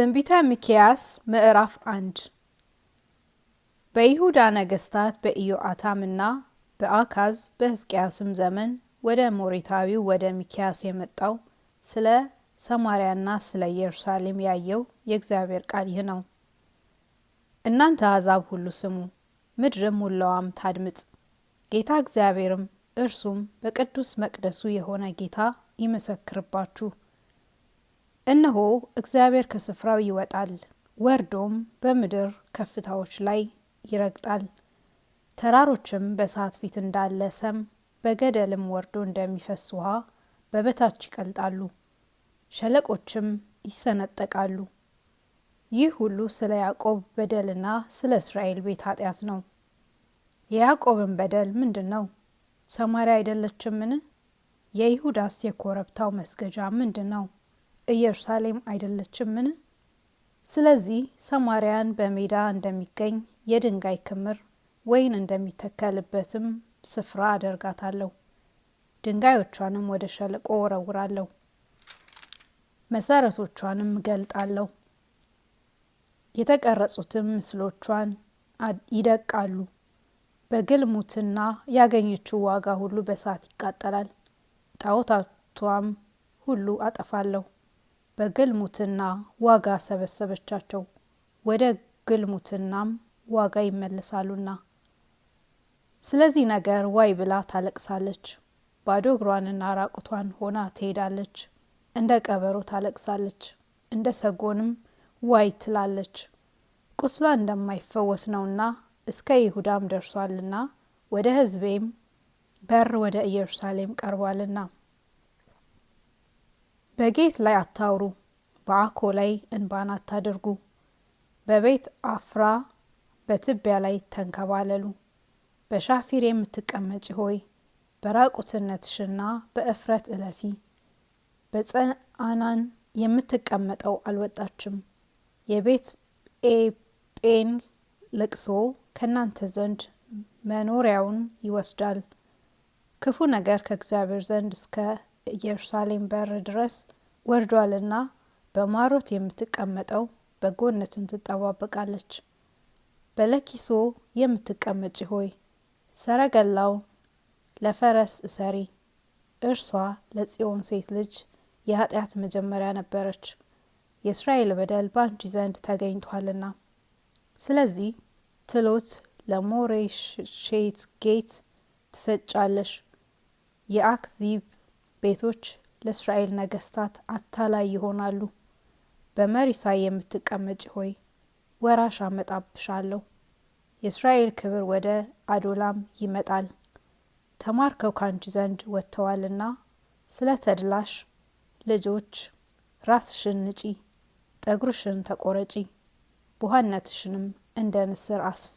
ትንቢተ ሚክያስ ምዕራፍ አንድ በይሁዳ ነገስታት በኢዮአታም እና በአካዝ በሕዝቅያስም ዘመን ወደ ሞሪታዊው ወደ ሚክያስ የመጣው ስለ ሰማሪያና ስለ ኢየሩሳሌም ያየው የእግዚአብሔር ቃል ይህ ነው። እናንተ አሕዛብ ሁሉ ስሙ፣ ምድርም ሁለዋም ታድምጥ። ጌታ እግዚአብሔርም እርሱም በቅዱስ መቅደሱ የሆነ ጌታ ይመሰክርባችሁ እነሆ እግዚአብሔር ከስፍራው ይወጣል፣ ወርዶም በምድር ከፍታዎች ላይ ይረግጣል። ተራሮችም በእሳት ፊት እንዳለ ሰም፣ በገደልም ወርዶ እንደሚፈስ ውሃ በበታች ይቀልጣሉ፣ ሸለቆችም ይሰነጠቃሉ። ይህ ሁሉ ስለ ያዕቆብ በደልና ስለ እስራኤል ቤት ኃጢአት ነው። የያዕቆብን በደል ምንድን ነው? ሰማሪያ አይደለችምን? የይሁዳስ የኮረብታው መስገጃ ምንድን ነው? ኢየሩሳሌም አይደለችምን? ስለዚህ ሰማርያን በሜዳ እንደሚገኝ የድንጋይ ክምር ወይን እንደሚተከልበትም ስፍራ አደርጋታለሁ፣ ድንጋዮቿንም ወደ ሸለቆ ወረውራለሁ፣ መሰረቶቿንም እገልጣለሁ። የተቀረጹትም ምስሎቿን ይደቃሉ። በግልሙትና ያገኘችው ዋጋ ሁሉ በሰዓት ይቃጠላል። ጣዖታቷም ሁሉ አጠፋለሁ። በግልሙትና ዋጋ ሰበሰበቻቸው፣ ወደ ግልሙትናም ዋጋ ይመለሳሉና። ስለዚህ ነገር ዋይ ብላ ታለቅሳለች። ባዶ እግሯንና ራቁቷን ሆና ትሄዳለች። እንደ ቀበሮ ታለቅሳለች፣ እንደ ሰጎንም ዋይ ትላለች። ቁስሏ እንደማይፈወስ ነውና እስከ ይሁዳም ደርሷልና ወደ ሕዝቤም በር ወደ ኢየሩሳሌም ቀርቧልና በጌት ላይ አታውሩ፣ በአኮ ላይ እንባን አታደርጉ፣ በቤት አፍራ በትቢያ ላይ ተንከባለሉ። በሻፊር የምትቀመጪ ሆይ በራቁትነትሽና በእፍረት እለፊ። በጸአናን የምትቀመጠው አልወጣችም። የቤት ኤጴን ልቅሶ ከእናንተ ዘንድ መኖሪያውን ይወስዳል። ክፉ ነገር ከእግዚአብሔር ዘንድ እስከ ኢየሩሳሌም በር ድረስ ወርዷልና በማሮት የምትቀመጠው በጎነትን ትጠባበቃለች። በለኪሶ የምትቀመጪ ሆይ ሰረገላው ለፈረስ እሰሪ። እርሷ ለጽዮን ሴት ልጅ የኃጢአት መጀመሪያ ነበረች፣ የእስራኤል በደል በአንቺ ዘንድ ተገኝቷልና። ስለዚህ ትሎት ለሞሬሼት ጌት ትሰጫለሽ የአክዚብ ቤቶች ለእስራኤል ነገስታት አታላይ ይሆናሉ። በመሪሳ የምትቀመጭ ሆይ ወራሽ አመጣብሻለሁ። የእስራኤል ክብር ወደ አዶላም ይመጣል። ተማርከው ካንቺ ዘንድ ወጥተዋልና ስለ ተድላሽ ልጆች ራስሽን ንጪ፣ ጠጉርሽን ተቆረጪ፣ ቡሀነትሽንም እንደ ንስር አስፊ።